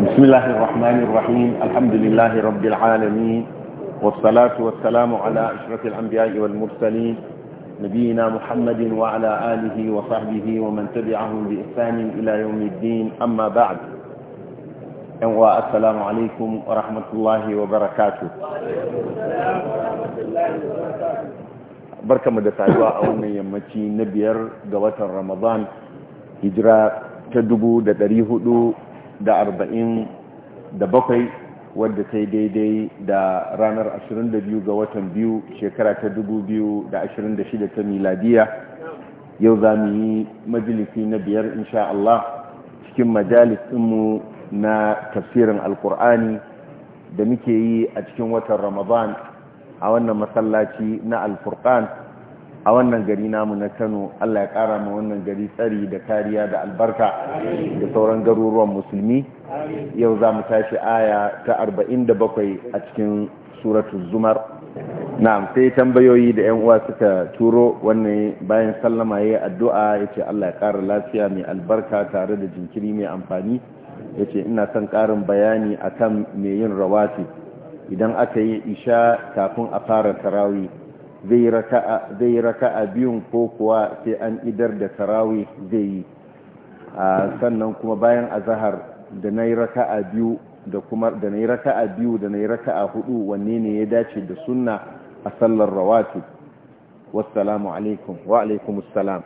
بسم الله الرحمن الرحيم الحمد لله رب العالمين والصلاة والسلام على أشرف الأنبياء والمرسلين نبينا محمد وعلى آله وصحبه ومن تبعهم بإحسان إلى يوم الدين أما بعد السلام عليكم ورحمة الله وبركاته وعليكم السلام ورحمة الله وبركاته بركة مدى biyar ga watan ramadan hijira ta dubu دريه da arba'in da bakwai wadda ta yi daidai da ranar 22 ga watan biyu shekara ta 2026 ta miladiya yau za mu yi majalisi na biyar insha Allah cikin majalisinmu na tafsirin alkur'ani da muke yi a cikin watan ramadan a wannan masallaci na alfurkan a wannan gari namu na kano allah ya kara ma wannan gari tsari da kariya da albarka da sauran garuruwan musulmi yau za mu tashi aya ta 47 a cikin suratul zumar na'am sai tambayoyi da yan uwa suka turo wannan bayan sallama yayi addu'a yace allah ya kara lafiya mai albarka tare da jinkiri mai amfani yace ina son karin bayani akan mai yin rawati idan aka yi isha kafin a fara tarawih zai yi raka'a biyun ko kuwa sai an idar da tarawi zai yi sannan kuma bayan azahar da na yi raka'a biyu da kuma da na yi raka'a biyu da na yi raka'a hudu wanne ne ya dace da sunna a sallar rawatib wassalamu alaikum wa alaikum assalam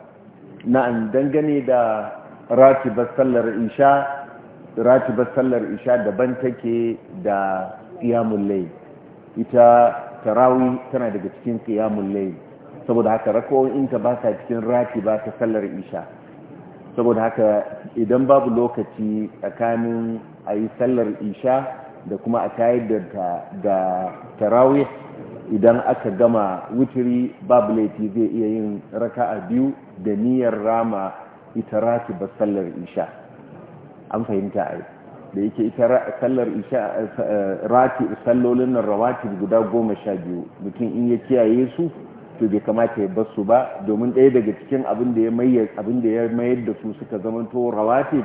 na'am dangane da ratibar sallar isha ratibar sallar isha daban take da qiyamul layl ita tarawi tana daga cikin qiyamul layl saboda haka rakawoyinta ba sa cikin rati ba ta sallar isha saboda haka idan babu lokaci tsakanin a yi sallar isha da kuma a tayar da tarawi idan aka gama wuturi babu laifi zai iya yin raka a biyu da niyyar rama ita rati ba sallar isha an fahimta a yi da yake ita sallar isha eh, eh, rati sallolin nan rawatib guda goma sha biyu mutum in ya kiyaye su to bai kamata ya bar su ba domin ɗaya daga cikin abin da ya mayar abin da ya mayar da su suka zamanto rawati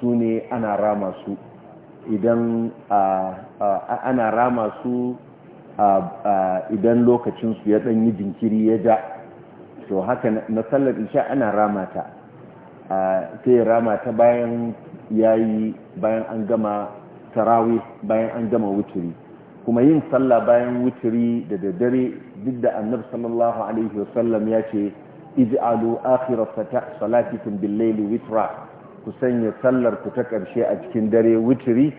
su ne ana rama su idan ana rama su idan lokacin su ya ɗan yi jinkiri ya ja to haka na sallar isha ana rama ta sai ya rama ta bayan ya yi bayan an gama tarawi bayan an gama wuturi kuma yin sallah bayan wuturi da daddare duk da annabi sallallahu alaihi wasallam ya ce ij'alu akhir salatikum bil-layli witra ku sanya sallar ku ta karshe a cikin dare wuturi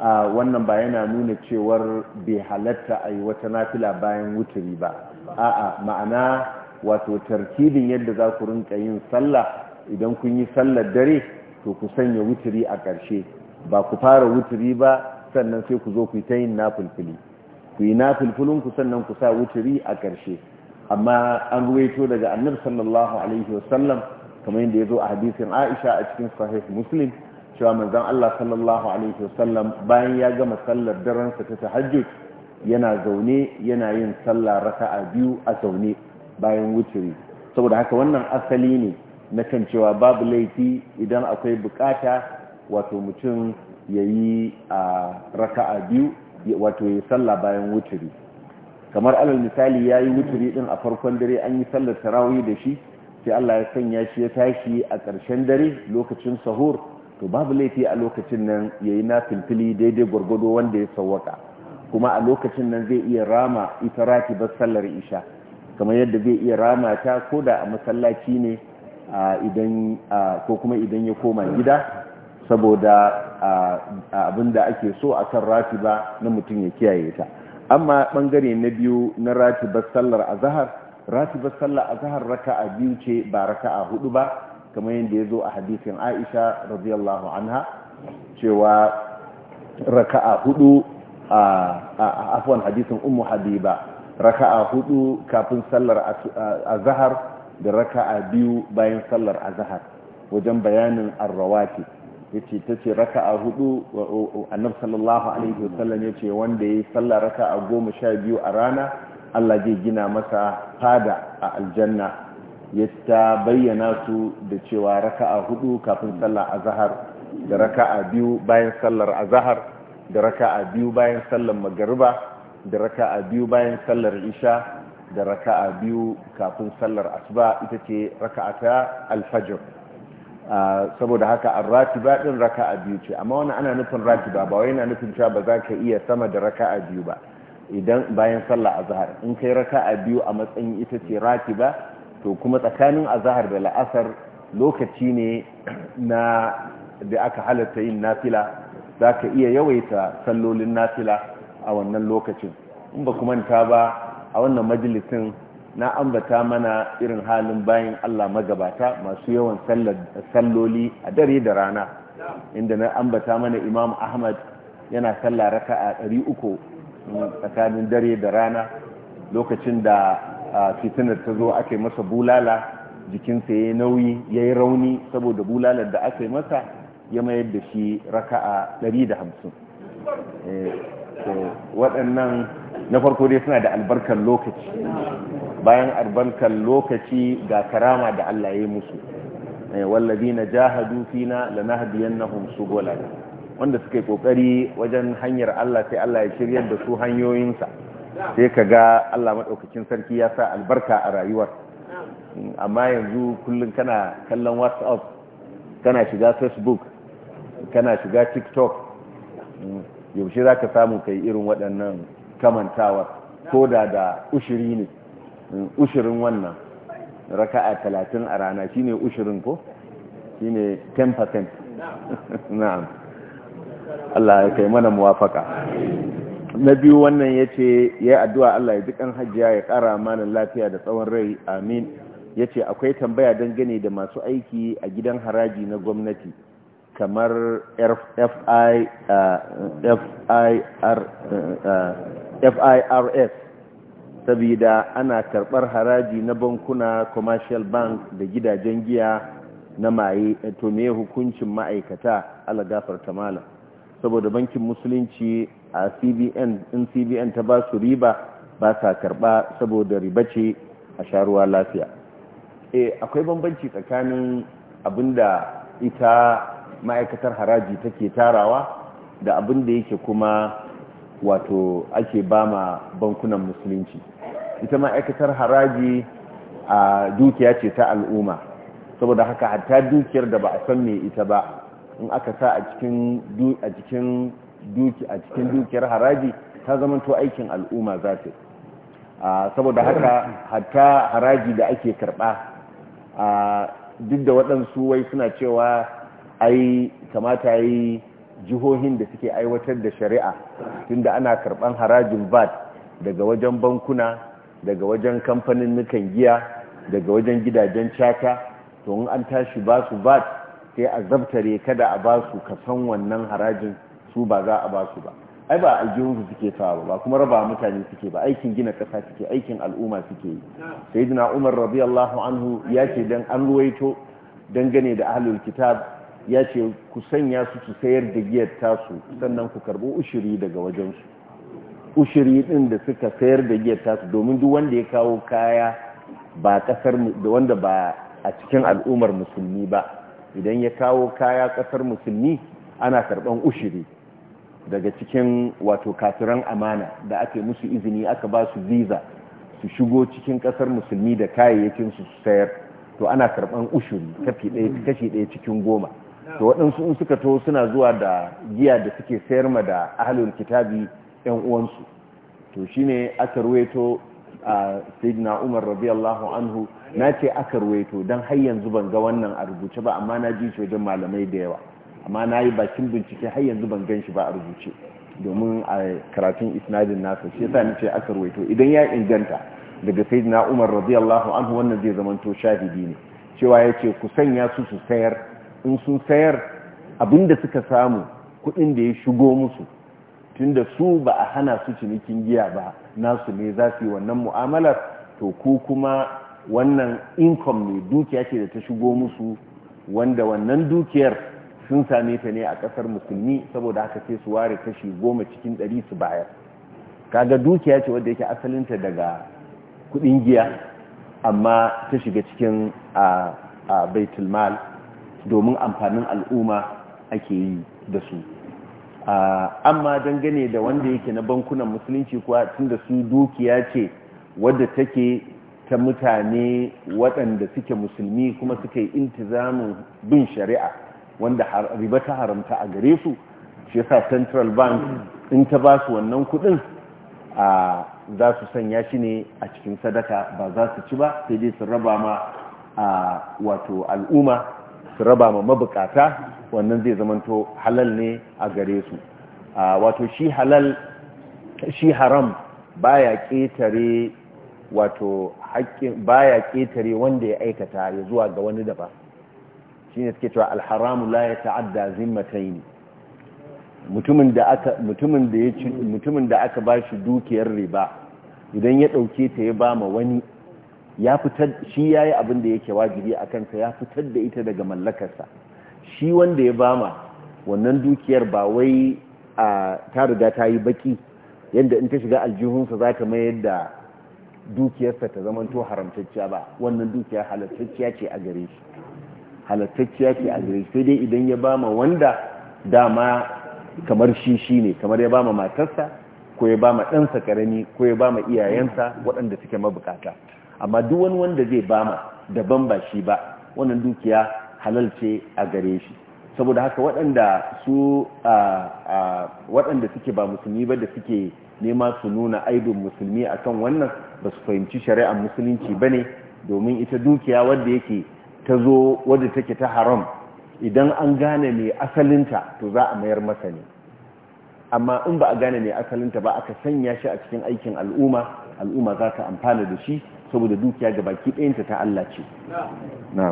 a wannan ba yana nuna cewar bai halatta a yi wata nafila bayan wuturi ba a'a ma'ana wato tarkibin yadda za ku rinka yin sallah idan kun yi sallar dare to ku sanya wuturi a ƙarshe ba ku fara wuturi ba sannan sai ku zo ku yi ta yin nafulfuli ku yi nafulfulin ku sannan ku sa wuturi a ƙarshe amma an ruwaito daga annabi sallallahu alaihi wasallam kamar yadda ya zo a hadisin aisha a cikin sahih muslim cewa manzon Allah sallallahu alaihi wasallam bayan ya gama sallar daren ta tahajjud yana zaune yana yin sallah raka'a biyu a zaune bayan wuturi saboda haka wannan asali ne na kan cewa babu laifi idan akwai bukata wato mutum ya yi a raka'a biyu wato ya sallah bayan wuturi kamar alal misali ya yi wuturi din a farkon dare an yi sallar tarawih da shi sai Allah ya sanya shi ya tashi a ƙarshen dare lokacin sahur to babu laifi a lokacin nan ya yi na filfili daidai gwargwado wanda ya sawwaka kuma a lokacin nan zai iya rama ita rakibar sallar isha kamar yadda zai iya rama ta ko da a masallaci ne idan ko kuma idan ya koma gida saboda abin da ake so a kan ratiba na mutum ya kiyaye ta amma bangare na biyu na ratibar sallar a azahar ratibar sallar a zahar raka a biyu ce ba raka a hudu ba kamar yadda ya zo a hadisin aisha radiyallahu anha cewa raka a hudu a afuwan hadisin umu habiba raka a hudu kafin sallar a zahar. da raka'a biyu bayan sallar azhar wajen bayanin ar-rawati yace tace raka'a hudu annabi sallallahu alaihi wasallam yace wanda yayi sallar raka'a goma sha biyu a rana Allah zai gina masa fada a aljanna ya bayyana su da cewa raka'a hudu kafin sallar azhar da raka'a biyu bayan sallar azhar da raka'a biyu bayan sallar magariba da raka'a biyu bayan sallar isha da raka'a biyu kafin sallar asuba ita ce ta alfajr saboda haka ar-ratiba din raka'a biyu ce amma wannan ana nufin ratiba ba wai yana nufin cewa ba za ka iya sama da raka'a biyu ba idan bayan sallar azahar in kai raka'a biyu a matsayin ita ce ba to kuma tsakanin azahar da la'asar lokaci ne na da aka halatta yin nafila za ka iya yawaita sallolin nafila a wannan lokacin in ba kuma ta ba a wannan majalisin na ambata mana irin halin bayan Allah magabata masu yawan salloli a dare da rana inda na ambata mana imam ahmad yana sallah raka'a 300 mm, tsakanin dare da rana lokacin da fitinar ta zo aka masa bulala jikinsa ya yi nauyi ya yi rauni saboda bulalar da aka yi masa ya mayar da shi raka'a 150 eh, waɗannan na farko dai suna da albarkar lokaci bayan albarkar lokaci ga karama da Allah ya yi musu eh, wallazina jahadu fina lanahdiyannahum subulana wanda suka yi kokari wajen hanyar Allah sai Allah ya shiryar da su hanyoyin sa sai ka ga Allah maɗaukacin sarki ya sa albarka a rayuwar amma yanzu kullum kana kallon whatsapp kana shiga facebook kana shiga tiktok yaushe za ka samu kai irin waɗannan kamantawar ko da da ushiri ne mm, ushirin wannan raka'a talatin a rana shi ne ushirin ko shi ten 10% na'am Allah ya kai mana muwafaka na biyu wannan ya ce ya addu'a Allah ya ji kan hajjiya ya ƙara malin lafiya da tsawon rai amin ya ce akwai tambaya dangane da masu aiki a gidan haraji na gwamnati kamar uh, firs saboda ana karɓar haraji na bankuna commercial bank da gidajen giya na maye to me hukuncin ma'aikata ala gafarta malam saboda bankin musulunci a cbn in cbn ta ba su riba ba sa karɓa saboda riba ce a sharuwa lafiya e akwai bambanci tsakanin abinda ita ma'aikatar haraji take tarawa da abinda yake kuma wato ake ba ma bankunan musulunci ita ma'aikatar haraji a dukiya ce ta al'umma saboda haka hatta dukiyar da ba a san mai ita ba in aka sa a cikin dukiyar haraji ta zamanto aikin al'umma za ta saboda haka hatta haraji da ake karba duk da waɗansu wai suna cewa ai kamata yi jihohin da suke aiwatar da shari'a tun da ana karban harajin VAT daga wajen bankuna daga wajen kamfanin nukan giya daga wajen gidajen caka to an tashi ba su VAT sai a zabtare kada a ba su kasan wannan harajin su ba za a ba su ba ai ba su suke sawa ba kuma raba mutane suke ba aikin gina kasa suke aikin al'umma suke yi sayyidina umar radiyallahu anhu ya ce dan an ruwaito dangane da ahlul kitab ya ce ku sanya su su sayar da giyar tasu sannan ku karbo ushiri daga wajensu ushiri ɗin da suka sayar da giyar tasu domin duk wanda ya kawo kaya ba kasar da wanda ba a cikin al'ummar musulmi ba idan ya kawo kaya kasar musulmi ana karban ushiri daga cikin wato kafiran amana da aka musu izini aka ba su visa su shigo cikin kasar musulmi da kayayyakin su sayar to ana karban ushiri kashi ɗaya cikin goma to waɗansu in suka to suna zuwa da giya da suke sayar ma da ahalin kitabi yan uwansu to shine aka ruweto a sayyidina Umar radiyallahu anhu na ce aka ruweto don har yanzu ga wannan a rubuce ba amma na ji malamai da yawa amma na yi bakin bincike har yanzu ban gan shi ba a rubuce domin a karatun isnadin nasa shi yasa nace aka ruweto idan ya inganta daga sayyidina Umar radiyallahu anhu wannan zai zamanto shahidi ne cewa ce ku sanya su su sayar in sun sayar abinda suka samu kudin da ya shigo musu tun da su ba a hana su cinikin giya ba nasu ne za su yi wannan mu'amalar to ko kuma wannan income ne dukiya ce da ta shigo musu wanda wannan dukiyar sun same ta ne a kasar musulmi saboda haka sai su ware kashi goma cikin ɗari su bayar kaga dukiya ce wadda yake asalinta daga kudin giya amma ta shiga cikin a baitulmal domin amfanin al'umma ake yi da su amma dangane da wanda yake na bankunan musulunci kuwa tun da su dukiya ce wadda take ta mutane waɗanda suke musulmi kuma suka yi intizamin bin shari'a wanda riba ta haramta a gare su shi yasa central bank in ta ba su wannan kuɗin a za su sanya shi ne a cikin sadaka ba za su ci ba sai dai su raba ma a wato al'umma su raba ma mabukata wannan zai zamanto halal ne a gare su wato shi halal shi haram baya ketare wato haƙƙin baya ketare wanda ya aikata ya zuwa ga wani daba shine suke cewa alharamu la yata'adda zimmataini mutumin da aka mutumin da ya mutumin da aka bashi dukiyar riba idan ya dauke ta ya ba ma wani ya fitar shi yayi abin da yake wajibi a ya fitar da ita daga mallakarsa shi wanda ya bama wannan dukiyar ba wai a ta riga ta yi baki yadda in ta shiga aljihunsa za ta mayar da dukiyarsa ta to haramtacciya ba wannan dukiya halattacciya ce a gare shi halattacciya ce a gare shi sai dai idan ya bama wanda dama kamar shi shi ne kamar ya bama matarsa ko ya bama ɗansa ƙarami ko ya bama iyayensa waɗanda suke mabukata amma duk wani wanda zai bama daban ba shi ba wannan dukiya halal ce a gare shi saboda haka waɗanda su waɗanda suke ba musulmi ba da suke nema su nuna aibin musulmi akan wannan ba su fahimci shari'ar musulunci ba ne domin ita dukiya wadda yake ta zo wadda take ta haram idan an gane mai asalinta to za a mayar masa ne amma in ba a gane mai asalinta ba aka sanya shi a cikin aikin al'umma al'umma za ta amfana da shi saboda dukiya ga baki ɗayinta ta Allah ce na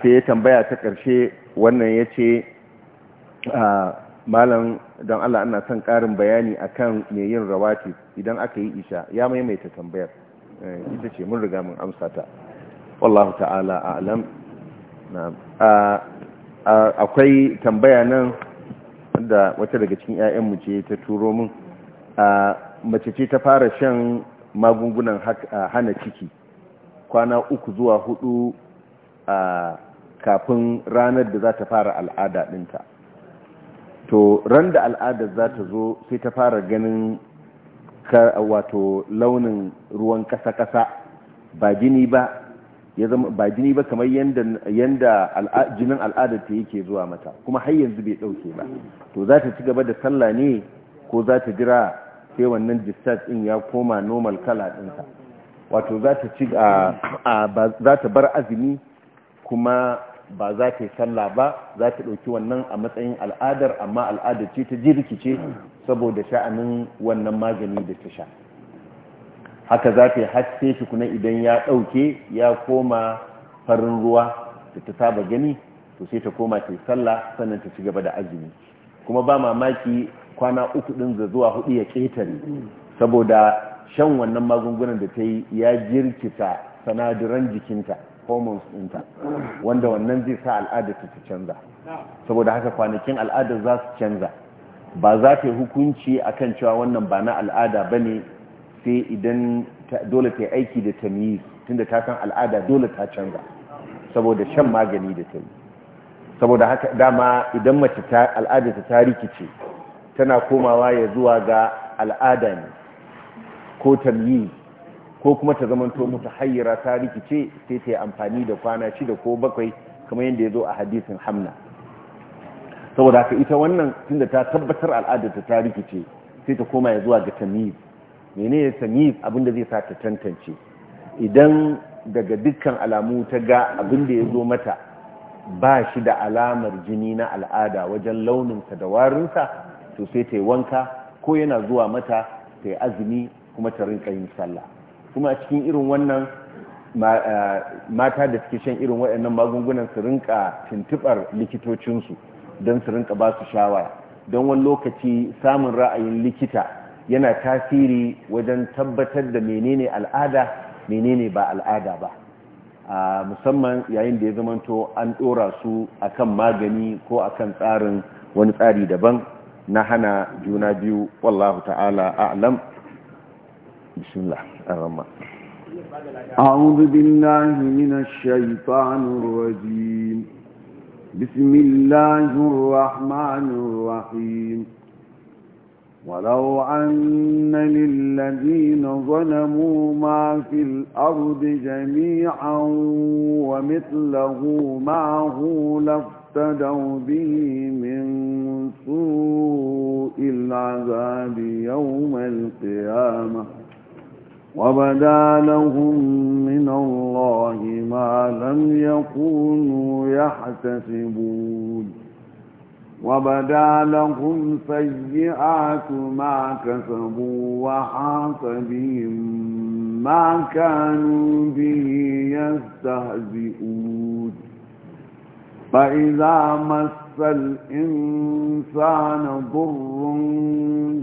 sai ya tambaya ta ƙarshe wannan ya ce malam don Allah ana son ƙarin bayani akan mai yin rawati idan aka yi isha ya maimaita tambayar eh, ita ce mun riga mun amsa ta wallahu ta'ala a'lam akwai tambaya nan da wata daga cikin 'ya'yanmu ce ta turo mun mace ce ta fara shan magungunan hana ciki kwana uku zuwa hudu a kafin ranar da za ta fara al'ada dinta to ran da al'adar za ta zo sai ta fara ganin wato launin ruwan kasa kasa ba jini ba ya zama ba jini ba kamar yadda jinin al'adar ta yake zuwa mata kuma har yanzu bai ɗauke ba to za ta ci gaba da sallah ne ko za ta jira sai wannan distat din ya koma normal kala ɗinsa wato za ta ci za ta bar azumi kuma ba za ta yi sallah ba za ta ɗauki wannan a matsayin al'adar amma al'adar ce ta rikice saboda sha'anin wannan magani da ta sha haka za ta yi haske shi kuna idan ya ɗauke ya koma farin ruwa da ta saba gani to sai ta koma ta yi sallah sannan ta ci gaba da azumi kuma ba mamaki kwana uku din da zuwa hudu ya ƙetare saboda shan wannan magungunan da ta yi ya jirkita sanadiran jikinta hormones ɗinta wanda wannan zai sa su ta canza saboda haka kwanakin al'ada za su canza ba za ta yi hukunci akan cewa wannan ba na al'ada ba ne sai idan dole ta yi aiki da ta tamiyi tunda ta san al'ada dole ta canza saboda shan magani da ta yi saboda haka dama idan mace al'ada ta rikice tana komawa ya zuwa ga al'ada ne ko tamyi ko kuma ta zamanto mutu hayyara ta rikice sai ta yi amfani da kwana shida ko bakwai kamar yadda ya zo a hadisin hamna saboda haka ita wannan tunda ta tabbatar al'adarta ta ta rikice sai ta koma ya zuwa ga tamiz mene ya tamiz abinda zai sa ta tantance idan daga dukkan alamu ta ga abinda ya zo mata ba shi da alamar jini na al'ada wajen launinsa da warinsa to sai ta wanka ko yana zuwa mata ta yi azumi kuma ta rinka yin sallah kuma a cikin irin wannan eh, mata da suke shan irin waɗannan magungunan su rinka tuntubar likitocinsu don su rinka ba su shawara don wani lokaci samun ra'ayin likita yana tasiri wajen tabbatar da menene al'ada menene ba al'ada ba a musamman yayin da ya zamanto an ɗora su akan magani ko akan tsarin wani tsari daban na hana juna biyu wallahu ta'ala a'lam bismillah ar-rahman a'udhu billahi minash shaitanir rajim bismillahir rahmanir rahim ولو أن للذين ظلموا ما في الأرض جميعا ومثله معه لفتح اهتدوا به من سوء العذاب يوم القيامة وبدا لهم من الله ما لم يكونوا يحتسبون وبدا لهم سيئات ما كسبوا وحاق بهم ما كانوا به يستهزئون فإذا مس الإنسان ضر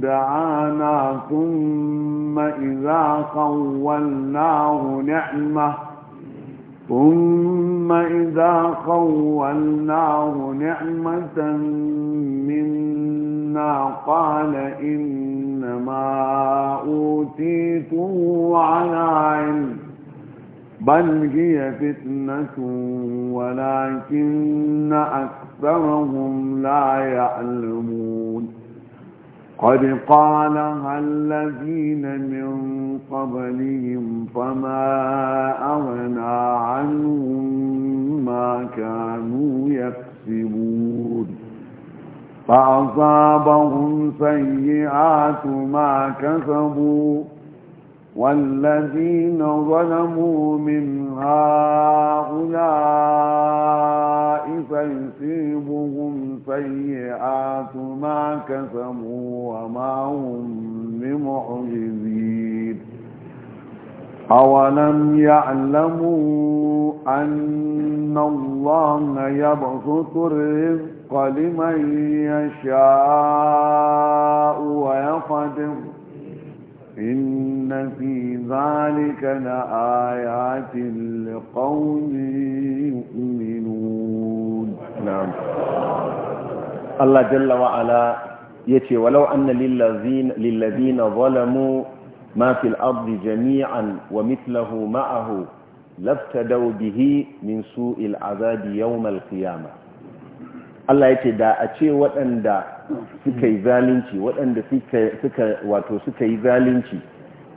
دعانا ثم إذا خولناه نعمة ثم إذا خولناه نعمة منا قال إنما أوتيته على علم بل هي فتنة ولكن أكثرهم لا يعلمون قد قالها الذين من قبلهم فما أغنى عنهم ما كانوا يكسبون فأصابهم سيئات ما كسبوا والذين ظلموا من هؤلاء فيصيبهم سيئات ما كسبوا وما هم بمعجزين أولم يعلموا أن الله يبسط الرزق لمن يشاء ويقدر إن في ذلك لآيات لقوم يؤمنون نعم الله جل وعلا يتي ولو أن للذين, للذين ظلموا ما في الأرض جميعا ومثله معه لابتدوا به من سوء العذاب يوم القيامة الله يتي دا أتي وأن دا suka yi zalunci waɗanda suka wato suka yi zalunci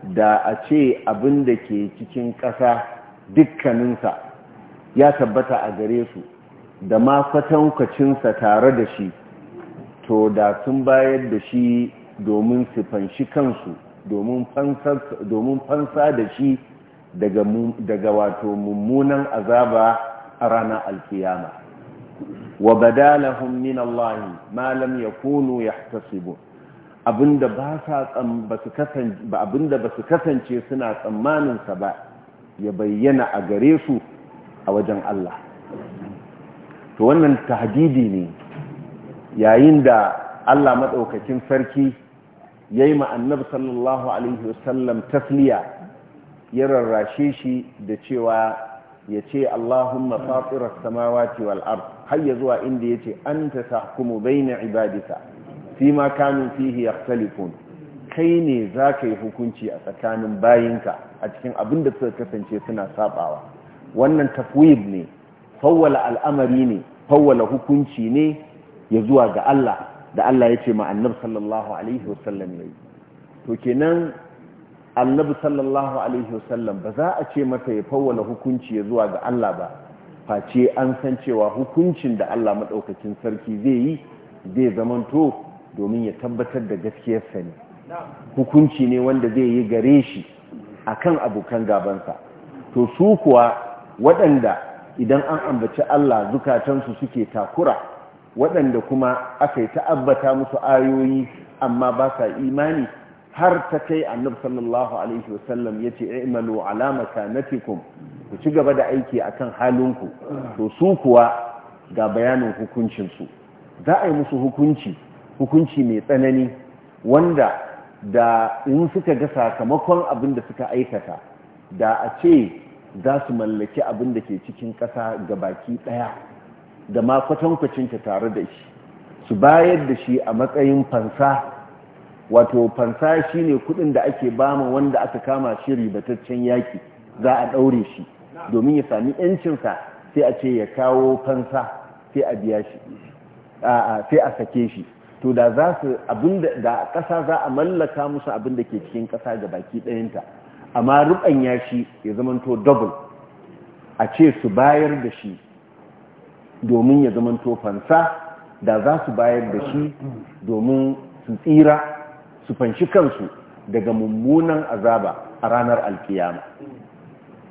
da a ce abin da ke cikin ƙasa dukkaninsa ya tabbata a gare su da ma kwatankwacinsa tare da shi to da sun bayar da shi domin su fanshi kansu domin fansa da shi daga wato mummunan azaba a ranar alfiyama wa badalahum min Allah ma lam yakunu abinda ba sa ba kasance ba abinda ba su kasance suna tsammanin sa ba ya bayyana a gare su a wajen Allah to wannan tahdidi ne yayin da Allah madaukakin sarki yayi ma annabi sallallahu alaihi wasallam tasliya ya rarrashe shi da cewa ya ce Allahumma fatirar samawati wal ard har ya zuwa inda yace anta tahkumu baina ibadika ma kanu fihi yakhtalifun kai ne ka yi hukunci a tsakanin bayinka a cikin abin da suka kasance suna sabawa wannan tafwid ne fawwala al'amari ne fawwala hukunci ne ya zuwa ga Allah da Allah ce ma annabi sallallahu alaihi wasallam yayi to kenan annabi sallallahu alaihi wasallam ba za a ce mata ya fawwala hukunci ya zuwa ga Allah ba face an san cewa hukuncin da Allah maɗaukacin sarki zai yi zai zamanto domin ya tabbatar da gaskiyarsa ne hukunci ne wanda zai yi gare shi akan abokan gabansa to su kuwa waɗanda idan an ambaci Allah zukatansu suke takura waɗanda kuma aka yi ta'abbata musu ayoyi amma ba sa imani har ta kai annabi sallallahu alaihi wasallam ya ce i'malu ala makanatikum ku ci gaba da aiki akan halinku to su kuwa ga bayanin hukuncinsu za a yi musu hukunci hukunci mai tsanani wanda da in suka ga sakamakon abin da suka aikata da a ce za su mallaki abin da ke cikin ƙasa ga baki ɗaya da ma kwatankwacinta tare da shi su bayar da shi a matsayin fansa wato fansa shine kudin da ake bama wanda aka kama shi ribataccen yaki za a daure shi domin ya sami yancinsa sai a ce ya kawo fansa sai a biya shi sai a sake shi to da za su abinda da kasa za a mallaka musu abinda ke cikin kasa da baki ɗayanta amma ya shi ya zamanto double a ce su bayar da shi domin ya zamanto fansa da za su bayar da shi domin su tsira su fanshi kansu daga mummunan azaba a ranar alkiyama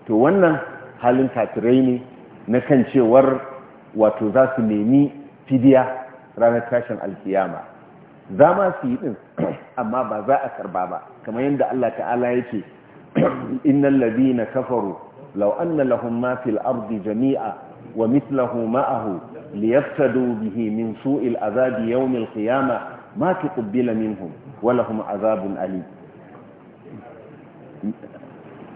to wannan halin tatirai ne na kan cewar wato za su nemi fidiya ranar tashin alkiyama za ma su yi ɗin amma ba za a karba ba kamar yadda Allah ta'ala ya ce innal na kafaru law anna lahum ma fil jami'a wa mithluhu ma'ahu liyaftadu bihi min su'il azabi yaumil kiyama ما تقبل منهم ولهم عذاب أليم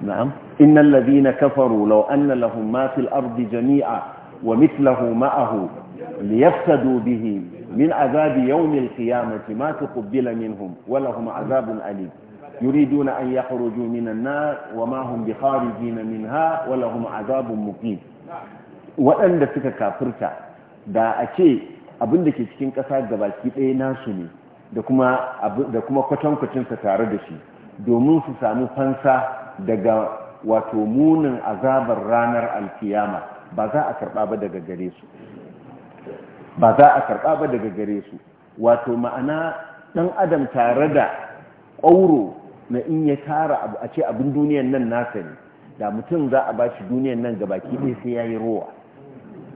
نعم إن الذين كفروا لو أن لهم ما في الأرض جميعا ومثله معه ليفتدوا به من عذاب يوم القيامة ما تقبل منهم ولهم عذاب أليم يريدون أن يخرجوا من النار وما هم بخارجين منها ولهم عذاب مقيم وأن دفك كافرك دا أكي abin da ke cikin ƙasa gabaki ɗaya nasu ne da kuma kwatankwacinsa tare da shi domin su sami fansa daga wato munin azabar ranar alkiyama ba za a karɓa ba daga gare su ba za a karɓa ba daga gare su wato ma'ana ɗan adam tare da ƙauro na in ya tara a ce abin duniyan nan nasa ne da mutum za a ba shi duniyan nan gabaki ɗaya sai ya yi rowa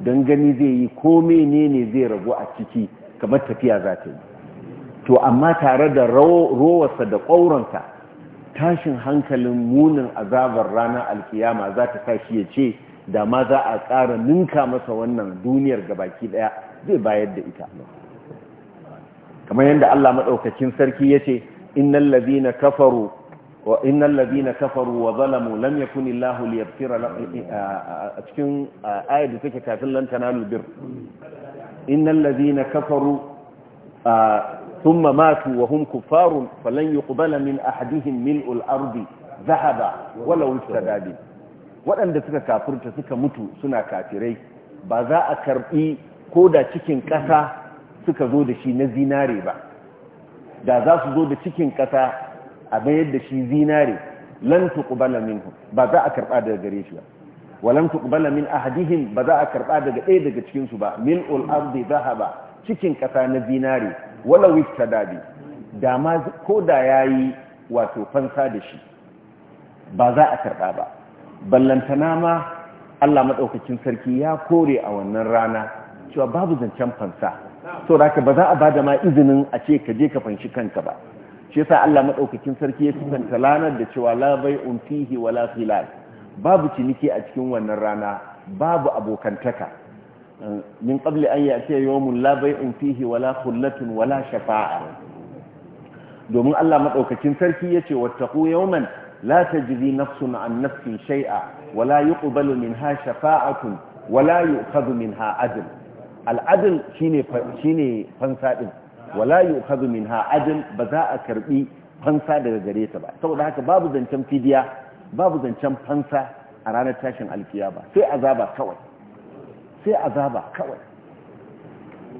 don gani zai yi ko menene zai ragu a ciki kamar tafiya za ta yi to amma tare da rowarsa da ƙwauronsa tashin hankalin munin azabar ranar alkiyama za ta tashi ya ce da ma za a ƙara ninka masa wannan duniyar ga baki ɗaya zai bayar da ita kamar yadda Allah maɗaukacin sarki ya ce innan labina kafaru وإن الذين كفروا وظلموا لم يكن الله ليغفر لهم أتكن آية تلك كافل لن تنالوا البر إن الذين كفروا ثم ماتوا وهم كفار فلن يقبل من أحدهم ملء الأرض ذهبا ولو افتدى به waɗanda suka kafurta suka mutu suna kafirai ba za a karɓi ko da cikin ƙasa suka zo da shi na zinare ba da za su zo da cikin ƙasa a bayar da shi zinare lan tuqbala minhu ba za a karba daga gare shi ba walan tuqbala min ahadihim ba za a karba daga ɗaya daga cikin su ba mil'ul ardi ba cikin ƙasa na zinare wala wiftadabi da ma ko da yayi wato fansa da shi ba za a karba ba ballantana ma Allah madaukakin sarki ya kore a wannan rana cewa babu zancen fansa saboda ka ba za a ba da ma izinin a ce ka je ka fanshi kanka ba shi yasa Allah madaukakin sarki ya sifanta lanar da cewa la bai'un fihi wala khilal babu ciniki a cikin wannan rana babu abokantaka min qabli an ya'tiya yawmun la bai'un fihi wala khullatun wala shafa'a domin Allah madaukakin sarki yace wattaqu yawman la tajzi nafsun an nafsin shay'a wala yuqbalu minha shafa'atun wala yu'khadhu minha adl al-adl shine shine fansa din wala yu'khadhu minha ba za a karbi fansa daga gare ta ba saboda haka babu zancen fidiya babu zancen fansa a ranar tashin ba sai azaba kawai sai azaba kawai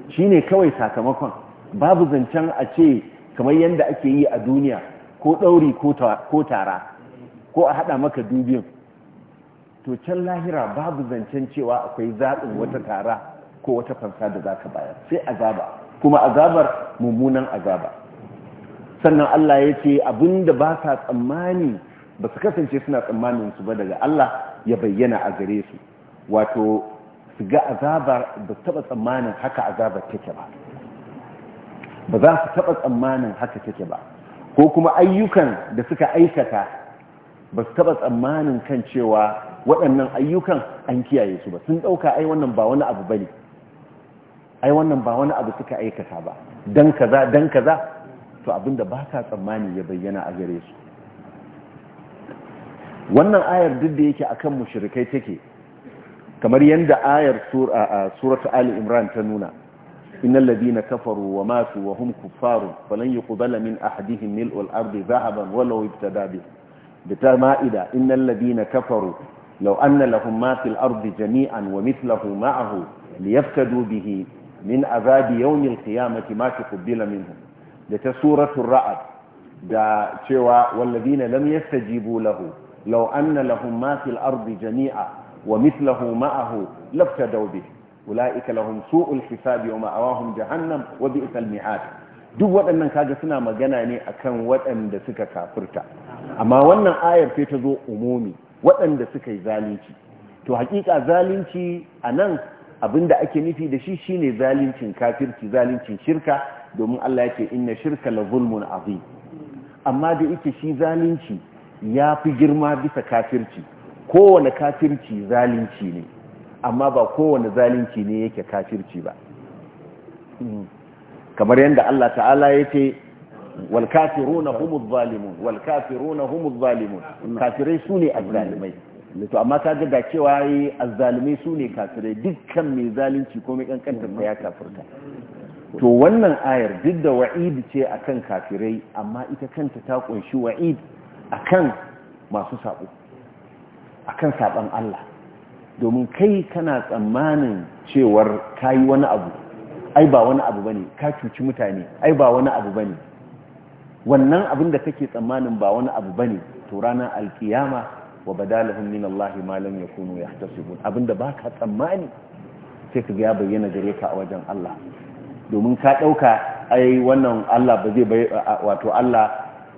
shine kawai sakamakon babu zancen a ce kamar yadda ake yi a duniya ko ɗauri ko tara ko a haɗa maka dubin to can lahira babu zancen cewa akwai zaɓin wata tara ko wata fansa da za ka bayar sai azaba kuma azabar mummunan azaba sannan Allah ya ce abinda ba sa tsammani ba su kasance suna tsammanin su ba daga Allah ya bayyana a gare su wato su ga azabar ba taba tsammanin haka azabar take ba ba za su taba tsammanin haka take ba ko kuma ayyukan da suka aikata ba su taba tsammanin kan cewa waɗannan ayyukan an kiyaye su ba sun ɗauka ai wannan ba wani abu ba ne. ai wannan ba wani abu suka aikata ba dan kaza dan kaza to abinda ba ka tsammani ya bayyana a gare su wannan ayar duk da yake akan mushrikai take kamar yanda ayar suratu ali imran ta nuna innal ladina kafaru wa matu wa hum kuffaru falan yuqbala min ahadihim mil'ul ardi dhahaban walau ibtada bi bitama'ida innal ladina kafaru law anna lahum ma fil ardi jami'an wa mithluhu ma'ahu liyaftadu bihi min azabi yawmil qiyamati ma tuqbila minhum da ta suratul ra'd da cewa walladina lam yastajibu lahu law anna lahum ma fil ardi jami'a wa mithluhu ma'ahu laftadaw bih ulaika lahum su'ul hisabi wa ma'awahum jahannam wa bi'sal mi'ad duk waɗannan kaga suna magana ne akan waɗanda suka kafirta amma wannan ayar ce ta zo umumi waɗanda suka yi zalunci to hakika zalunci a nan Abin da ake nufi da shi shine zalincin kafirci zalincin shirka domin Allah yake inna shirka la zulmun azim amma da yake shi zalunci ya fi girma bisa kafirci kowane kafirci zalunci ne amma ba kowane zalunci ne yake kafirci ba kamar yadda Allah ta'ala yake wal kafiruna humuz zalimun wal kafiruna humuz zalimun kafirai su sune azzalimai to amma ka ga cewa yi azzalumai su ne kafirai dukkan mai zalunci ko mai kankanta ta ya kafirta to wannan ayar duk da wa'id ce akan kafirai amma ita kanta ta kunshi wa'id akan masu sabo akan saban Allah domin kai kana tsammanin cewar ka yi wani abu ai ba wani abu bane ka cuci mutane ai ba wani abu bane wannan abin da kake tsammanin ba wani abu bane to ranar alkiyama wa badalahum min Allah ma lam yakunu yahtasibun abinda baka tsammani sai kaga ya bayyana gare ka a wajen Allah domin ka dauka ai wannan Allah ba zai bai wato Allah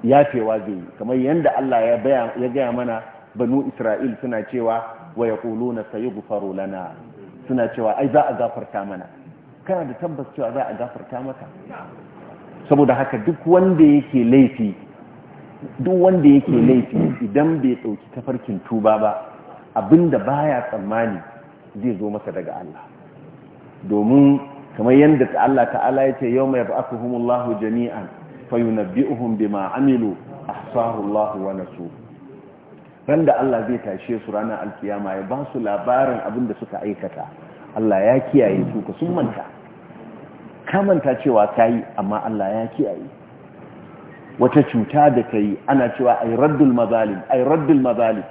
yafewa zai yi kamar yanda Allah ya baya ya mana banu Isra'il suna cewa wa yaquluna sayughfaru lana suna cewa ai za a gafarta mana kana da tabbas cewa za a gafarta maka saboda haka duk wanda yake laifi duk wanda yake laifi idan bai dauki tafarkin tuba ba abinda baya tsammani zai zo masa daga Allah domin kamar yadda ta Allah ta'ala ya ce yau mai jami'an fayunabbi'uhum bima amilu ahsahu Allah wa nasu randa Allah zai tashe su ranar alkiyama ya ba su labarin abin da suka aikata Allah ya kiyaye su ka sun manta ka manta cewa kai amma Allah ya kiyaye wata cuta da ta yi ana cewa ai raddul mazalim ai raddul mazalim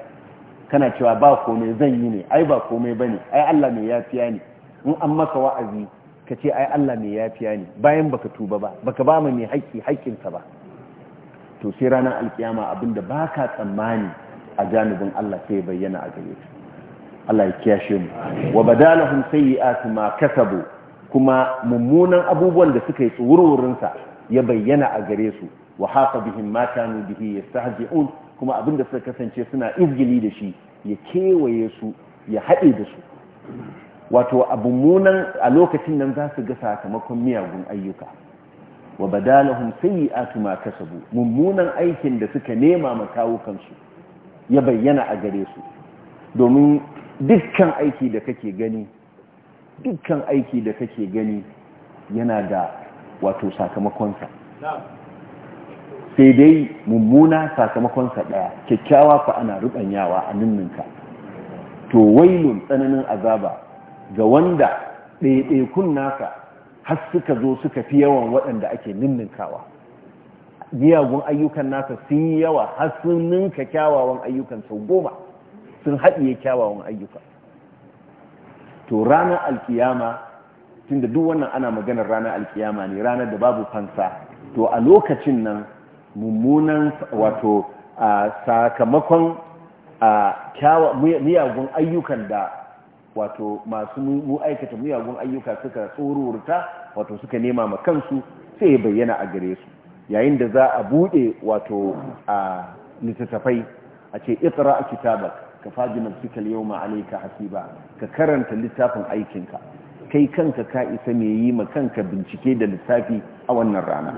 kana cewa ba komai zan yi ne ai ba komai ne, ai Allah mai fiya ne in an maka wa'azi ka ce ai Allah mai fiya ne bayan baka tuba ba baka ba mai haƙƙi haƙƙinsa ba to sai ranar alkiyama abinda baka tsammani a janibin Allah sai bayyana a gare ka Allah ya kiyashe mu wa badalahum sayyi'atu ma kasabu kuma mummunan abubuwan da suka yi tsuwurwurinsa ya bayyana a gare su wa haka bihim ma kanu bihi yastahzi'un kuma abinda suka kasance suna izgili da shi ya kewaye su ya haɗe da su wato abu munan a lokacin nan za su ga sakamakon miyagun ayyuka wa badalahum sayyi'atu ma kasabu mummunan aikin da suka nema ma kawo kansu ya bayyana a gare su domin dukkan aiki da kake gani dukkan aiki da kake gani yana da wato sakamakonsa sai dai mummuna sakamakonsa ɗaya kyakkyawa fa ana rubanyawa a ninninka to wailun tsananin azaba ga wanda ɗaiɗaikun naka har suka zo suka fi yawan waɗanda ake ninninkawa miyagun ayyukan naka sun yi yawa har sun ninka kyawawan ayyukan sau goma sun haɗiye kyawawan ayyuka to ranar alkiyama tunda duk wannan ana maganar ranar alkiyama ne ranar da babu fansa to a lokacin nan mummunan wato a sakamakon miyagun ayyukan da wato masu mu aikata miyagun ayyuka suka tsorurta wato suka nema ma kansu sai ya bayyana a gare su yayin da za a bude wato a littattafai a ce a kitabak ka faji nafsika yawma alayka hasiba ka karanta littafin aikinka kai kanka ka isa me yi ma kanka bincike da littafi a wannan rana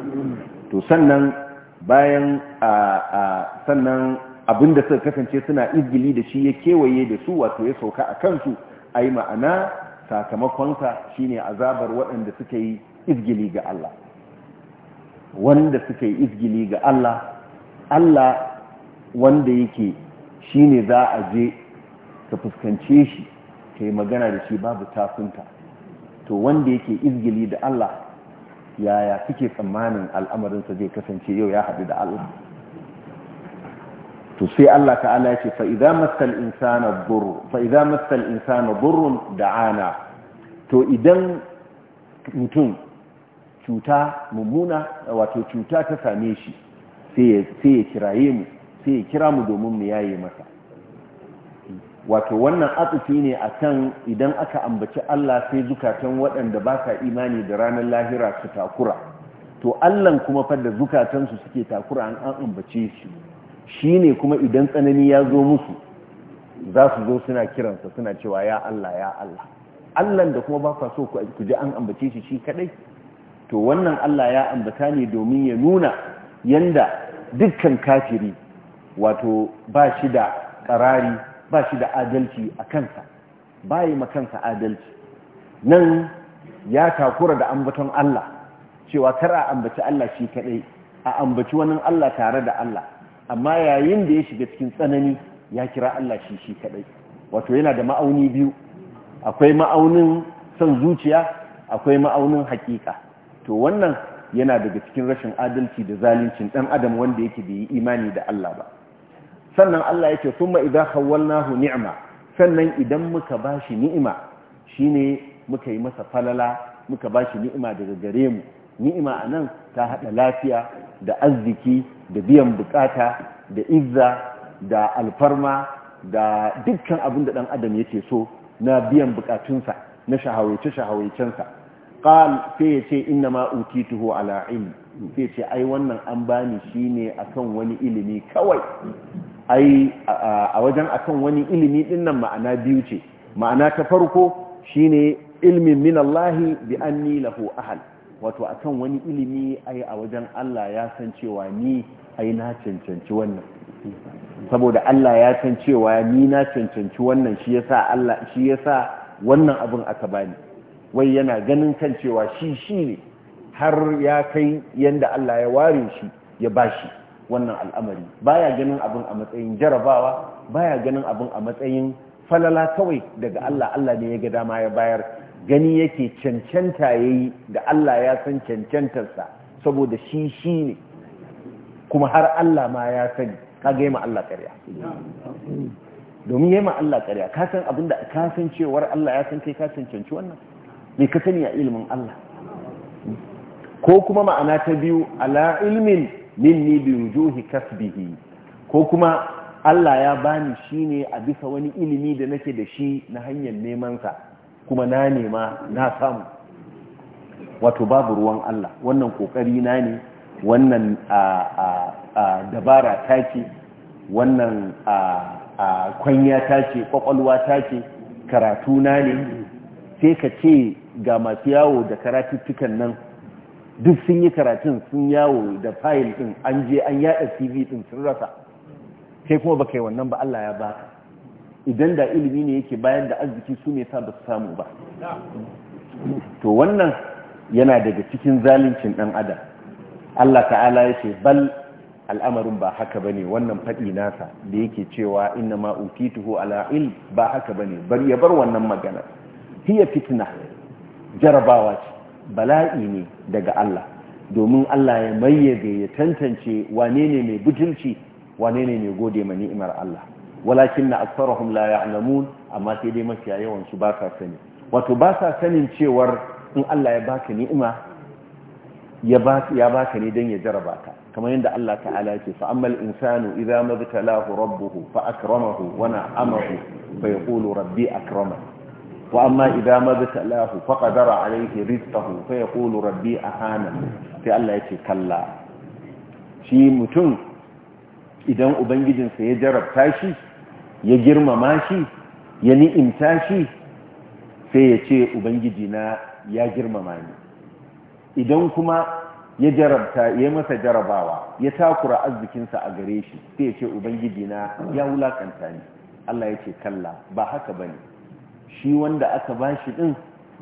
to sannan bayan a sannan abinda suka kasance suna izgili da shi ya kewaye da su wato ya sauka a kansu a yi ma'ana sakamakonsa shine azabar waɗanda suka yi izgili ga Allah wanda suka yi izgili ga Allah Allah wanda yake ne za a je ka fuskance shi ka yi magana da shi babu tafinta to wanda yake izgili da Allah yaya kike tsammanin al'amarinsa zai kasance yau ya haɗu da Allah to sai Allah ta'ala ya ce fa idza masal insana dhurr fa idza masal insana da'ana to idan mutum cuta mummuna wato cuta ta same shi sai ya kiraye mu sai ya kira mu domin mu yaye masa wato wannan atsufi ne a akan idan aka ambaci Allah sai zukatan waɗanda ba ka imani da ranar lahira su takura to Allahn kuma fadda zukatansu suke takura an an ambace shi ne kuma idan tsanani ya zo musu za su zo suna kiransa suna cewa ya Allah ya Allah Allahn da kuma ba so ku ji an ambace shi shi kadai to wannan Allah ya ambata ne domin ya nuna yanda dukkan kafiri wato ba shi da ƙarari ba shi da adalci a kansa ba yi makansa adalci nan ya takura da ambaton Allah cewa kar a ambaci Allah shi kadai a ambaci wani Allah tare da Allah amma yayin da ya shiga cikin tsanani ya kira Allah shi shi kadai wato yana da ma'auni biyu akwai ma'aunin son zuciya akwai ma'aunin hakika to wannan yana daga cikin rashin adalci da zaluncin dan adam wanda yake bai yi imani da Allah ba sannan Allah ce thumma idza khawwalnahu ni'ima sannan idan muka bashi ni'ima shine muka yi masa falala muka bashi ni'ima daga gare mu ni'ima nan ta hada lafiya da arziki da biyan bukata da izza da alfarma da dukkan abin da dan adam yake so na biyan bukatunsa na shahawace shahawacensa qal sai yace inna ma utituhu ala ilmi sai ce ai wannan an bani shine akan wani ilimi kawai ai a wajen akan wani ilimi dinnan ma'ana biyu ce ma'ana ta farko shine ilmin min Allah bi anni lahu ahal wato akan wani ilimi ai a wajen Allah ya san cewa ni ai na cancanci wannan saboda Allah ya san cewa ni na cancanci wannan shi yasa Allah shi yasa wannan abun aka bani wai yana ganin kan cewa shi shi ne har ya kai yanda Allah ya ware shi ya bashi wannan al'amari baya ganin abin a matsayin jarabawa baya ganin abin a matsayin falala kawai daga Allah Allah ne ya ga dama ya bayar gani yake cancanta yayi da Allah ya san cancantarsa saboda shi shi ne kuma har Allah ma ya san ka ga yema Allah ƙarya domin yema Allah ƙarya ka san abin da ka san cewar Allah ya san kai ka cancanci wannan me ka sani a ilimin Allah ko kuma ma'ana ta biyu ala ilmin minni bi wujuhi kasbihi ko kuma Allah ya bani shine a bisa wani ilimi da nake da shi na hanyar neman sa kuma na nema na samu wato babu ruwan Allah wannan kokari na ne wannan dabara ta ce wannan kwanya ta ce kwakwalwa ta ce karatu na ne sai ka ce ga masu yawo da karatuttukan nan duk sun yi karatun sun yawo da fayil din an je an yada cv din sun rasa kai kuma baka yi wannan ba Allah ya ba idan da ilimi ne yake bayan da arziki su ne sa ba su samu ba to wannan yana daga cikin zaluncin dan adam Allah ta'ala ya ce bal al'amarin ba haka bane wannan faɗi nasa da yake cewa inna ma utituhu ala ilm ba haka bane bar ya bar wannan magana hiya fitna jarabawa ce bala'i ne daga Allah domin Allah ya da ya tantance wane ne mai butulci wane ne mai gode ma ni'imar Allah walakin na aksarahum la ya'lamun amma sai dai mafiya yawan su ba sa sani wato ba sa sanin cewar in Allah ya baka ni'ima ya baka ne dan ya jaraba ka kamar yadda Allah ta'ala yake fa ammal insanu idza mabtalahu rabbuhu fa akramahu wa na'amahu fa yaqulu rabbi akraman wa amma idan maza ta lahu fa kadara a da yake rita ya kona rabbi a hanan sai allah ya kalla, shi mutum idan ubangijinsa ya jarabta shi, ya girmama shi, ya ni'imta shi, sai yace ubangijina ya girmama ni, idan kuma ya masa jarabawa ya takura asibitin sa a shi sai yace ubangijina ya wulakanta ni, allah ya ce kalla ba haka bane. shi wanda aka ba shi ɗin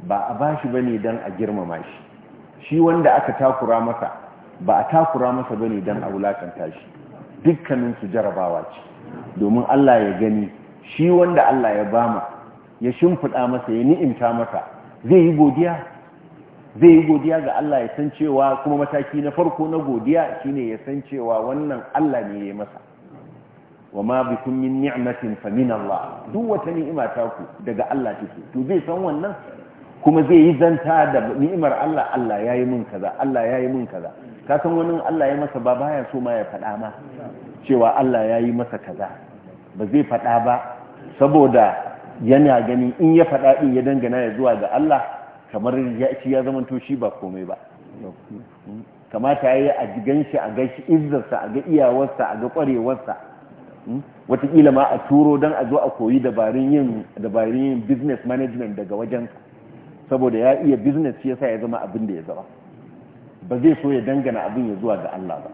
ba a ba bashi bane don a girmama shi shi wanda aka takura masa ba a takura masa bane don a wulakanta shi dukkanin su jarabawa ce domin Allah ya gani shi wanda Allah ya bama ya shimfiɗa masa ya ni'imta masa zai yi godiya zai yi godiya ga Allah ya san cewa kuma mataki na farko na godiya shine ya san cewa wannan Allah ne ya yi masa wa ma bikum min ni'matin fa min Allah duk wata ni'ima ta ku daga Allah take to zai san wannan kuma zai yi zanta da ni'imar Allah Allah yayi min kaza Allah yayi min kaza ka san wani Allah ya masa ba baya so ma ya faɗa ma cewa Allah yayi masa kaza ba zai faɗa ba saboda yana ganin in ya faɗa in ya dangana ya zuwa ga Allah kamar ya ci ya zama to shi ba komai ba kamata yayi yi a jigan shi a ga izzarsa a ga iyawarsa a ga ƙwarewarsa Hmm? watakila ma a turo don a zo a koyi dabarun yin business management daga wajen saboda ya iya business ya yasa ya zama abin da ya zama ba zai so ya dangana abin ya zuwa ga Allah ba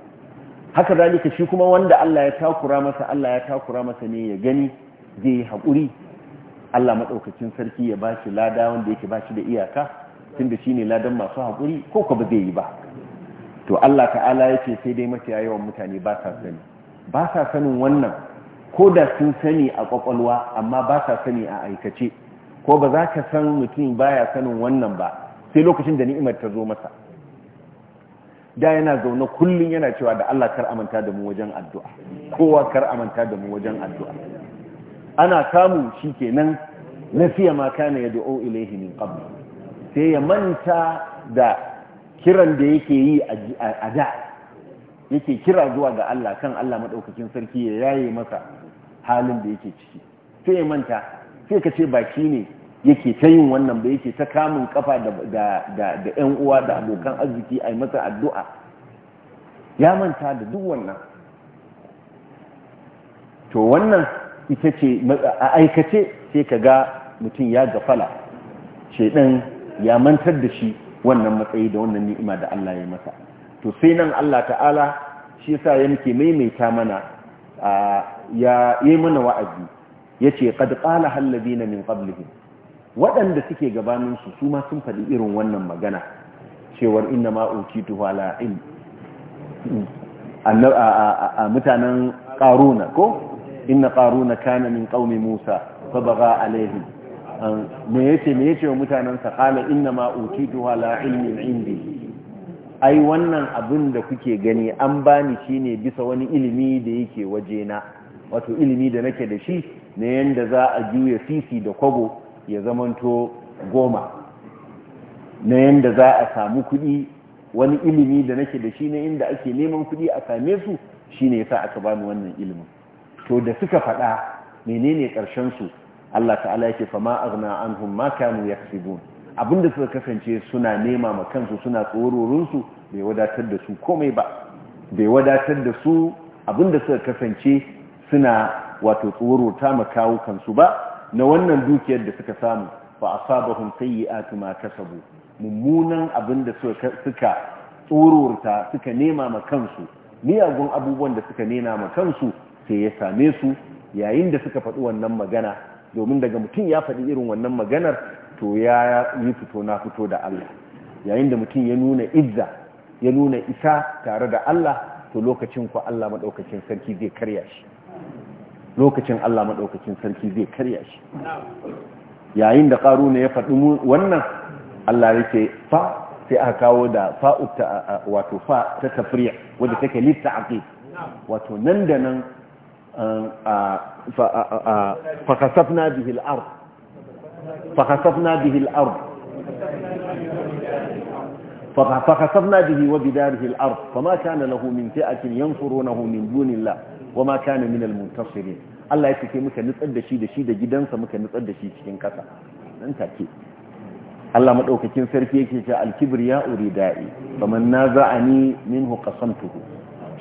haka zalika shi kuma wanda Allah ya takura masa Allah ya takura masa ne ya gani zai yi haƙuri Allah maɗaukacin sarki ya ba shi lada wanda yake ba shi da iyaka tunda shi ne ladan masu haƙuri ko ka ba zai yi ba to Allah ta'ala ce sai dai mafiya yawan mutane ba sa sani ba sa sanin wannan ko da sun sani a kwakwalwa amma ba sa sani a aikace ko ba za ka san mutum baya sanin wannan ba sai lokacin da ni'imar ta zo masa da yana zaune kullum yana cewa da Allah kar amanta da mu wajen addu'a kowa kar amanta da mu wajen addu'a ana samu shi kenan nasiya ma kana yad'u ilaihi min qabl sai ya manta da kiran da yake yi a da yake kira zuwa ga Allah kan Allah maɗaukakin sarki ya yaye masa halin da yake ciki sai ya manta sai ka ce baki ne yake ta yin wannan ba yake ta kamun kafa da yan uwa da abokan arziki yi masa addu'a ya manta da duk wannan to wannan ita ce a aikace sai ka ga mutum ya gafala shaiɗan ya mantar da shi wannan matsayi da wannan ni'ima da Allah ya masa to sai nan Allah ta'ala shi yasa ya muke maimaita mana ya yi mana wa'azi yace qad qala alladhina min qablihim waɗanda suke gabanin su su ma sun faɗi irin wannan magana cewar inna ma utitu ala ilm a mutanen ƙaruna ko inna ƙaruna kana min ƙaumi musa fa baga alaihi. me yace me yace wa mutanen sa qala inna ma utitu ala ilmin indi ai wannan abin da kuke gani an bani shine bisa wani ilimi da yake waje na wato ilimi da nake da shi na yanda za a juya sisi da kwago ya zamanto goma na yanda za a samu kuɗi wani ilimi da nake da shi na inda ake neman kuɗi a same su shine yasa aka bani wannan ilimin to da suka faɗa menene ƙarshen su Allah ta'ala yake fama aghna anhum ma kanu yaksibun abinda suka kasance suna nema ma kansu suna tsororinsu bai wadatar da su komai ba bai wadatar da su abinda suka kasance suna wato tsorota ma kawo kansu ba na wannan dukiyar da suka samu ba fa asabahum sayyi'atu ma kasabu mummunan abinda suka suka tsorota suka nema ma kansu miyagun abubuwan da suka nema ma kansu sai ya same su yayin da suka faɗi wannan magana domin daga mutum ya faɗi irin wannan maganar to ya yi fito na fito da Allah yayin da mutum ya nuna izza ya nuna isa tare da Allah to lokacin ku Allah maɗaukacin sarki zai karya shi lokacin Allah maɗaukacin sarki zai karya shi yayin da ƙaruna ya faɗi wannan Allah yake fa sai aka kawo da fa ta wato fa ta tafriya wanda take litta'aqi wato nan da nan fa kasafna bihi al-ard فخسفنا به الأرض فخسفنا به وبداره الأرض فما كان له من فئة ينصرونه من دون الله وما كان من المنتصرين Allah ya ce muka nutsar da shi da gidansa muka nutsar da shi cikin ƙasa nan take Allah madaukakin sarki yake ce al-kibriya urida'i faman naza'ani minhu qasamtuhu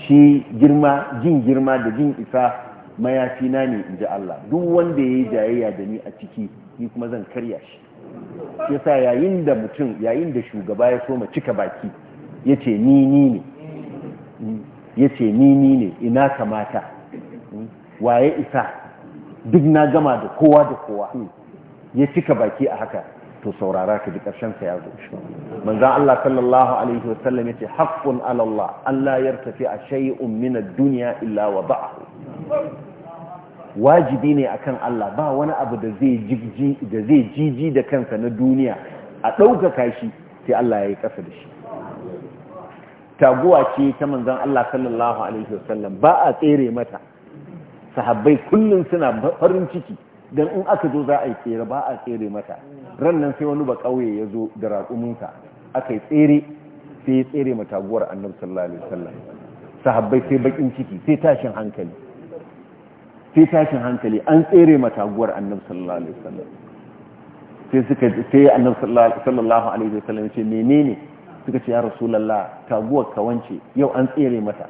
shi girma jin girma da jin isa mayafi na ne inji Allah duk wanda yayi jayayya da ni a ciki ni kuma zan karya shi yasa yayin da mutum yayin da shugaba ya soma cika baki yace ni ni ne ni ni ne ina kamata waye isa duk na gama da kowa da kowa ya cika baki a haka to saurara ka ji karshen sa ya zo manzon Allah sallallahu alaihi wasallam yace haqqun ala Allah an tafi a shay'un min ad-dunya illa wada'ahu wajibi ne akan Allah ba wani abu da zai jiji da zai jiji da kansa na duniya a ɗaukaka shi sai Allah ya yi ƙasa da shi taguwa ce ta manzon Allah sallallahu alaihi wasallam ba a tsere mata sahabbai kullum suna farin ciki dan in aka zo za a yi tsere ba a tsere mata ran nan sai wani ba ƙauye ya zo da raƙuminsa aka yi tsere sai ya tsere mataguwar annabi sallallahu alaihi wasallam sahabbai sai bakin ciki sai tashin hankali sai tashin hankali an tsere mataguwar annabi sallallahu alaihi wasallam sai suka sai annabi sallallahu alaihi wasallam ya ce menene suka ce ya rasulullah taguwar ka wance yau an tsere mata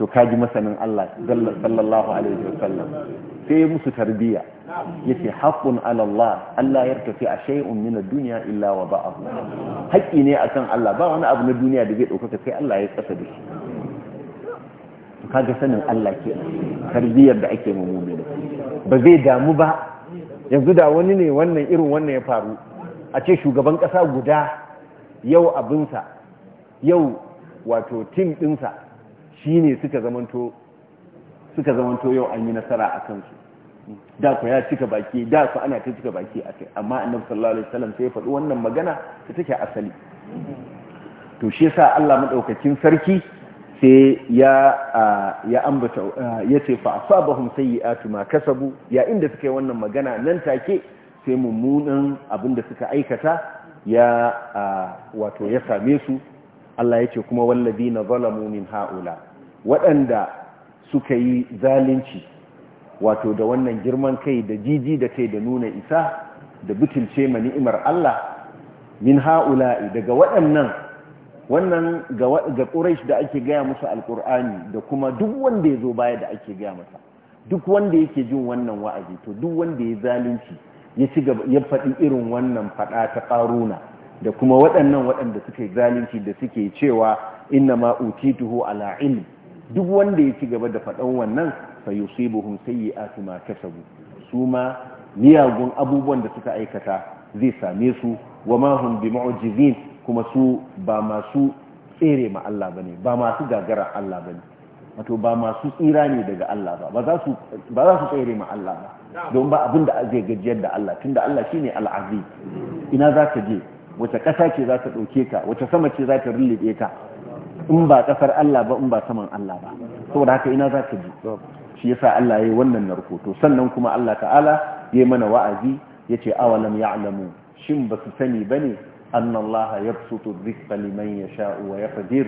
to kaji masanin Allah sallallahu alaihi wasallam sai musu tarbiya yace haqqun ala Allah Allah yartafi a shay'un min ad-dunya illa wa ba'ahu haƙi ne akan Allah ba wani abu na duniya da zai dauka sai Allah ya tsasa da shi kaga sanin Allah ke tarbiyyar da ake mu da ba zai damu ba yanzu da wani ne wannan irin wannan ya faru a ce shugaban kasa guda yau abinsa yau wato tim dinsa shine suka zamanto suka zamanto yau an yi nasara a kansu da ku ya cika baki da ku ana ta cika baki a kai amma annabi sallallahu alaihi wasallam sai ya faɗi wannan magana ta take asali to shi yasa Allah madaukakin sarki sai ya ya ambata yace fa asabahum sayiatu ma kasabu ya inda suka yi wannan magana nan take sai mummunan da suka aikata ya wato ya same su Allah yace kuma walladina zalamu min haula waɗanda suka yi zalunci wato da wannan girman kai da jiji da kai da nuna isa da butulce ma ni'imar Allah min haula daga waɗannan wannan ga quraish da ake gaya musu alqur'ani da kuma duk wanda ya zo baya da ake gaya masa duk wanda yake jin wannan wa'azi to duk wanda ya zalunci ya ci gaba ya faɗi irin wannan faɗa ta ƙaruna da kuma waɗannan waɗanda suke zalunci da suke cewa inna ma utituhu ala ilm duk wanda ya ci gaba da faɗan wannan fa yusibuhum sayyi'atu ma kasabu su ma miyagun abubuwan da suka aikata zai same su wa ma hum bi mu'jizin kuma su ba masu tsere ma Allah ba ne ba masu gagara Allah ba ne wato ba masu tsira ne daga Allah ba ba za su tsere ma Allah ba don ba abin da zai gajiyar da Allah tunda Allah shi ne al'azi ina za ka je wace ƙasa ce za ta ɗauke ka wace sama ce za ta rullube ka in ba ƙasar Allah ba in ba saman Allah ba saboda haka ina za ka je shi yasa Allah ya yi wannan narko to sannan kuma Allah ta'ala ya yi mana wa'azi ya ce awalam ya'lamu shin ba su sani ba ne anna Allah yabsutu rizqa ya yasha'u wa yaqdir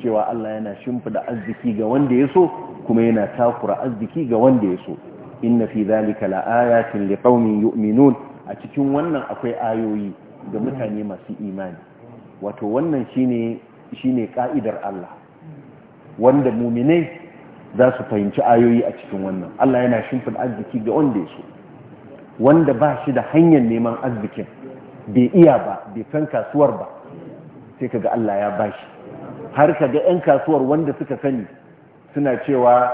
cewa Allah yana shimfida arziki ga wanda ya so kuma yana takura arziki ga wanda ya so inna fi dhalika laayatin liqaumin yu'minun a cikin wannan akwai ayoyi ga mutane masu imani wato wannan shine shine ka'idar Allah wanda mu'minai za su fahimci ayoyi a cikin wannan Allah yana shimfida arziki ga wanda ya so wanda ba shi da hanyar neman arzikin bai iya ba bai san kasuwar ba sai kaga Allah ya bashi har kaga yan kasuwar wanda suka sani suna cewa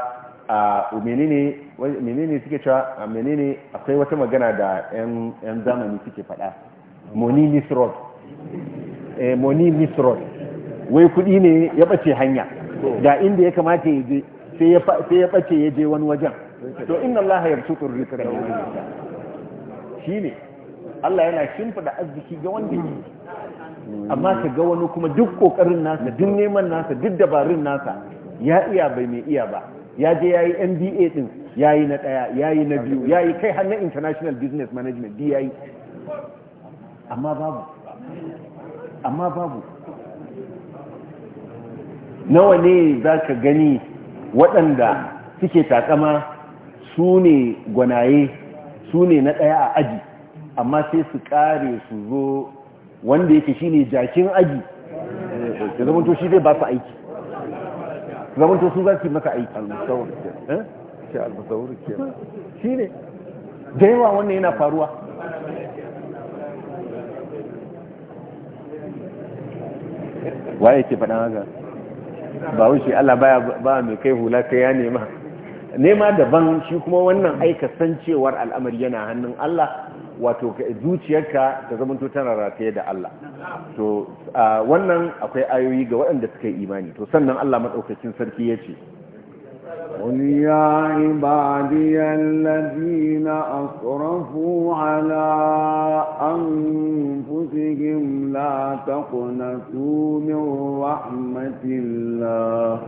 a menene suke cewa a menene akwai wata magana da yan zamani suke faɗa moni misrod eh moni misrod wai kuɗi ne ya bace hanya da inda ya kamata ya je sai ya bace ya je wani wajen to inna Allah ya rusutur shi ne. Allah yana shimfida arziki ga wanda yake amma ka ga wani kuma duk kokarin nasa duk neman nasa duk dabarun nasa ya iya bai mai iya ba ya je yayi MBA din yayi na daya yayi na biyu yayi kai har international business management di yayi amma babu amma babu nawa ne za ka gani waɗanda suke takama su ne gwanaye su ne na ɗaya a aji amma sai su kare su zo wanda yake shine jakin aji da zamanto shi zai ba su aiki zamanto su za su maka aiki al ke eh? shi ne da yawa wannan yana faruwa waye ke faɗa haka ba wuce Allah baya ba mai kai hula kai ya nema nema daban shi kuma wannan aika san cewar al'amari yana hannun Allah wato zuciyarka ta zamanto tana rataye da Allah to wannan akwai ayoyi ga waɗanda suka yi imani to sannan Allah madaukakin sarki ya ce قل يا عبادي الذين أصرفوا على أنفسهم لا تقنسوا من رحمة الله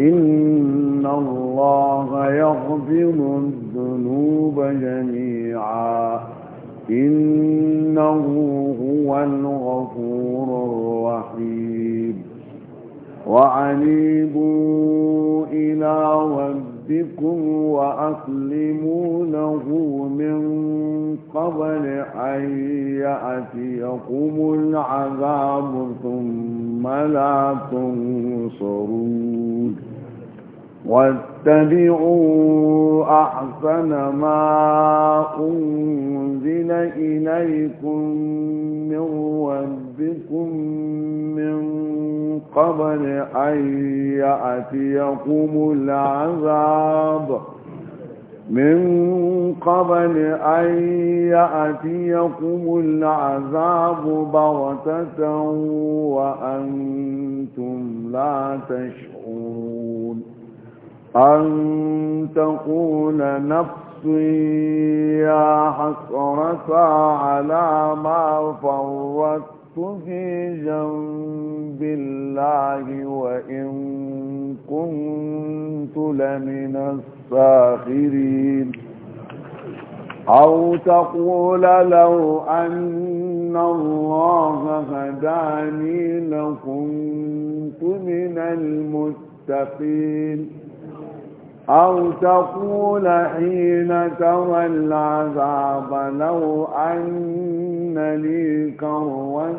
إن الله يغفر الذنوب جميعا إنه هو الغفور الرحيم وعنيبوا إلى ربكم وأسلموا له من قبل أن يأتيكم العذاب ثم لا تنصرون واتبعوا أحسن ما أنزل إليكم من ربكم من قبل أن يأتيكم العذاب من قبل أن يأتيكم العذاب بغتة وأنتم لا تشعرون أن تقول نفسي يا حسرة على ما فرطت في جنب الله وإن كنت لمن الساخرين أو تقول لو أن الله هداني لكنت من المتقين أو تقول حين ترى العذاب لو أن لي كروة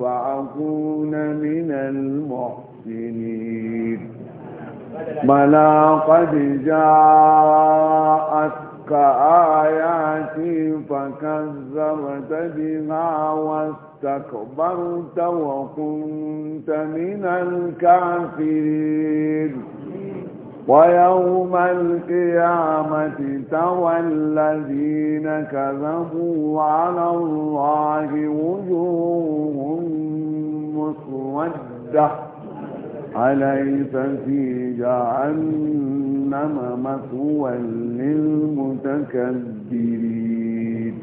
فأكون من المحسنين بلى قد جاءتك آياتي فكذبت بها واستكبرت وكنت من الكافرين ويوم القيامة ترى الذين كذبوا على الله وجوههم مسودة أليس في جهنم مثوى للمتكبرين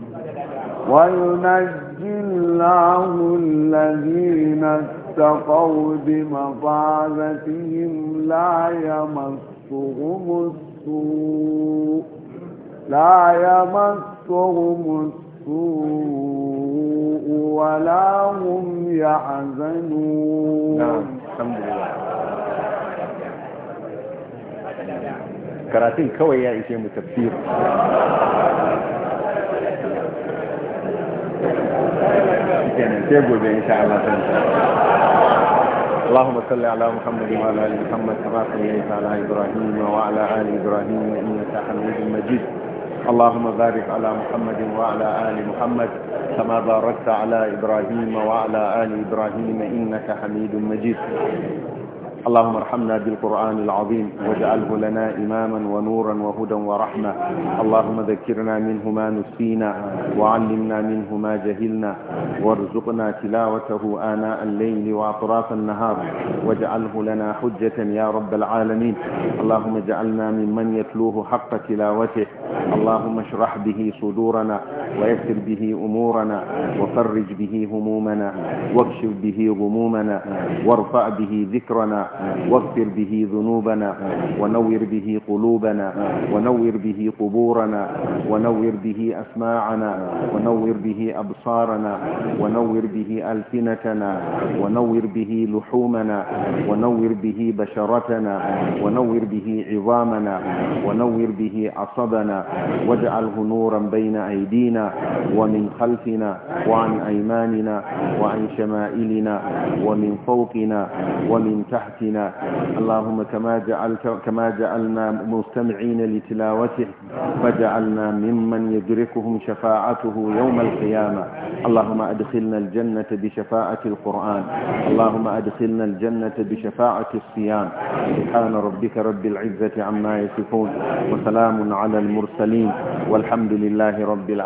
وينجي الله الذين اتقوا بمفازتهم لا يمسون يمسهم السوء لا يمسهم السوء ولا هم يحزنون نعم الحمد لله كراتين كوي يا إيشي متبسير كان تقول بإن شاء الله اللهم صل على محمد وعلى ال محمد كما صليت على ابراهيم وعلى ال ابراهيم انك حميد مجيد اللهم بارك على محمد وعلى ال محمد كما باركت على ابراهيم وعلى ال ابراهيم انك حميد مجيد اللهم ارحمنا بالقرآن العظيم واجعله لنا إماما ونورا وهدى ورحمة اللهم ذكرنا منه ما نسينا وعلمنا منه ما جهلنا وارزقنا تلاوته آناء الليل وأطراف النهار واجعله لنا حجة يا رب العالمين اللهم اجعلنا ممن يتلوه حق تلاوته اللهم اشرح به صدورنا ويسر به أمورنا وفرج به همومنا واكشف به غمومنا وارفع به ذكرنا واغفر به ذنوبنا ونور به قلوبنا ونور به قبورنا ونور به أسماعنا ونور به أبصارنا ونور به ألسنتنا ونور به لحومنا ونور به بشرتنا ونور به عظامنا ونور به عصبنا واجعله نورا بين أيدينا ومن خلفنا وعن أيماننا وعن شمائلنا ومن فوقنا ومن تحتنا أنفسنا اللهم كما, جعلت كما جعلنا مستمعين لتلاوته فجعلنا ممن يدركهم شفاعته يوم القيامة اللهم أدخلنا الجنة بشفاعة القرآن اللهم أدخلنا الجنة بشفاعة الصيام سبحان ربك رب العزة عما يصفون وسلام على المرسلين والحمد لله رب العالمين